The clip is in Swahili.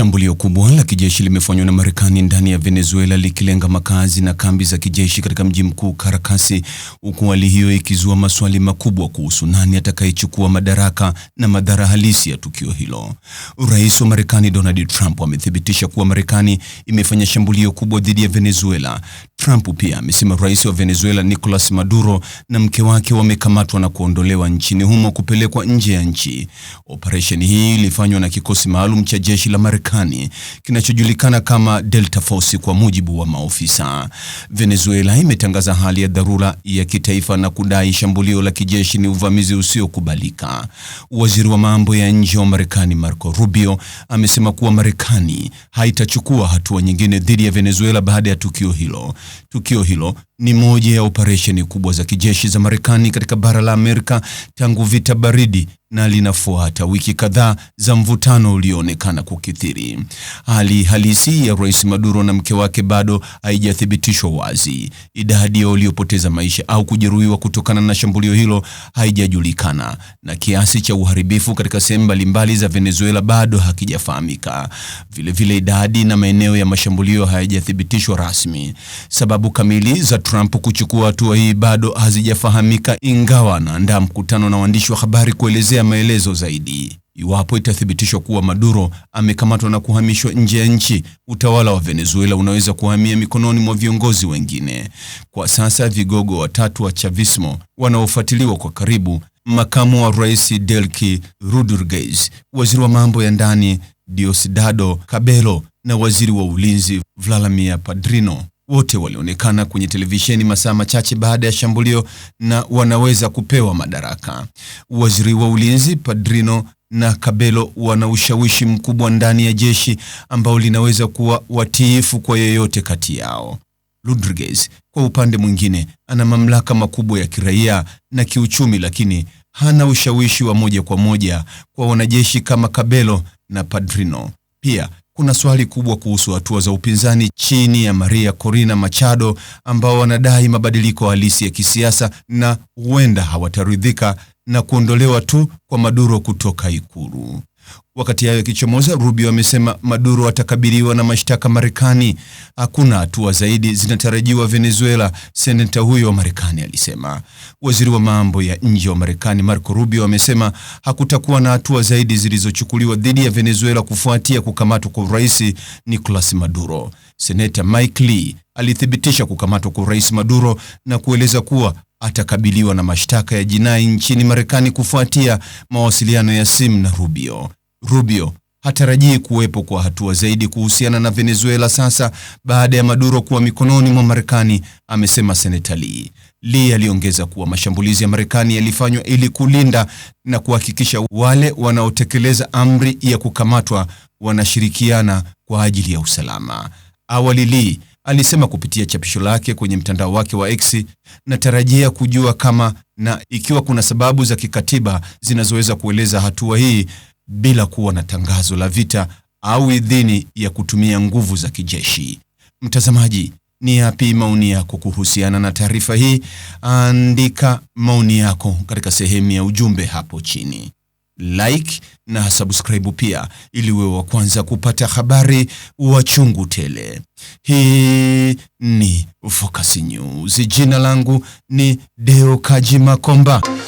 Shambulio kubwa la kijeshi limefanywa na Marekani ndani ya Venezuela likilenga makazi na kambi za kijeshi katika mji mkuu Caracas, huku hali hiyo ikizua maswali makubwa kuhusu nani atakayechukua madaraka na madhara halisi ya tukio hilo. Rais wa Marekani Donald Trump amethibitisha kuwa Marekani imefanya shambulio kubwa dhidi ya Venezuela. Trump pia amesema Rais wa Venezuela Nicolas Maduro na mke wake wamekamatwa na kuondolewa nchini humo kupelekwa nje ya nchi. Operesheni hii ilifanywa na kikosi maalum cha jeshi la Marekani Marekani kinachojulikana kama Delta Force kwa mujibu wa maofisa. Venezuela imetangaza hali ya dharura ya kitaifa na kudai shambulio la kijeshi ni uvamizi usiokubalika. Waziri wa mambo ya nje wa Marekani Marco Rubio amesema kuwa Marekani haitachukua hatua nyingine dhidi ya Venezuela baada ya tukio hilo. Tukio hilo ni moja ya operesheni kubwa za kijeshi za Marekani katika bara la Amerika tangu vita baridi na linafuata wiki kadhaa za mvutano ulioonekana kukithiri. Hali halisi ya Rais Maduro na mke wake bado haijathibitishwa wazi. Idadi ya waliopoteza maisha au kujeruhiwa kutokana na shambulio hilo haijajulikana, na kiasi cha uharibifu katika sehemu mbalimbali za Venezuela bado hakijafahamika. Vilevile, idadi na maeneo ya mashambulio hayajathibitishwa rasmi. Sababu kamili za Trump kuchukua hatua hii bado hazijafahamika, ingawa anaandaa mkutano na waandishi wa habari kuelezea ya maelezo zaidi. Iwapo itathibitishwa kuwa Maduro amekamatwa na kuhamishwa nje ya nchi, utawala wa Venezuela unaweza kuhamia mikononi mwa viongozi wengine. Kwa sasa, vigogo watatu wa Chavismo wanaofuatiliwa kwa karibu, makamu wa rais Delcy Rodriguez, waziri wa mambo ya ndani Diosdado Cabello na waziri wa ulinzi Vladimir Padrino wote walionekana kwenye televisheni masaa machache baada ya shambulio na wanaweza kupewa madaraka. Waziri wa Ulinzi Padrino na Kabelo wana ushawishi mkubwa ndani ya jeshi ambao linaweza kuwa watiifu kwa yeyote kati yao. Rodriguez kwa upande mwingine, ana mamlaka makubwa ya kiraia na kiuchumi, lakini hana ushawishi wa moja kwa moja kwa wanajeshi kama Kabelo na Padrino. Pia kuna swali kubwa kuhusu hatua za upinzani chini ya Maria Corina Machado ambao wanadai mabadiliko halisi ya kisiasa na huenda hawataridhika na kuondolewa tu kwa Maduro kutoka Ikulu. Wakati hayo yakichomoza, Rubio amesema Maduro atakabiliwa na mashtaka Marekani. Hakuna hatua zaidi zinatarajiwa Venezuela, seneta huyo wa Marekani alisema. Waziri wa mambo ya nje wa Marekani Marco Rubio amesema hakutakuwa na hatua zaidi zilizochukuliwa dhidi ya Venezuela kufuatia kukamatwa kwa Rais Nicolas Maduro. Seneta Mike Lee alithibitisha kukamatwa kwa Rais Maduro na kueleza kuwa atakabiliwa na mashtaka ya jinai nchini Marekani kufuatia mawasiliano ya simu na Rubio. Rubio hatarajii kuwepo kwa hatua zaidi kuhusiana na Venezuela sasa baada ya Maduro kuwa mikononi mwa Marekani, amesema Seneta Lee. Lee aliongeza kuwa mashambulizi ya Marekani yalifanywa ili kulinda na kuhakikisha wale wanaotekeleza amri ya kukamatwa wanashirikiana kwa ajili ya usalama. Awali Lee alisema kupitia chapisho lake kwenye mtandao wake wa X, natarajia kujua kama na ikiwa kuna sababu za kikatiba zinazoweza kueleza hatua hii bila kuwa na tangazo la vita au idhini ya kutumia nguvu za kijeshi. Mtazamaji, ni yapi maoni yako kuhusiana na taarifa hii? Andika maoni yako katika sehemu ya ujumbe hapo chini. Like na subscribe pia ili uwe wa kwanza kupata habari wa chungu tele. Hii ni Focus News. Jina langu ni Deo Kaji Makomba.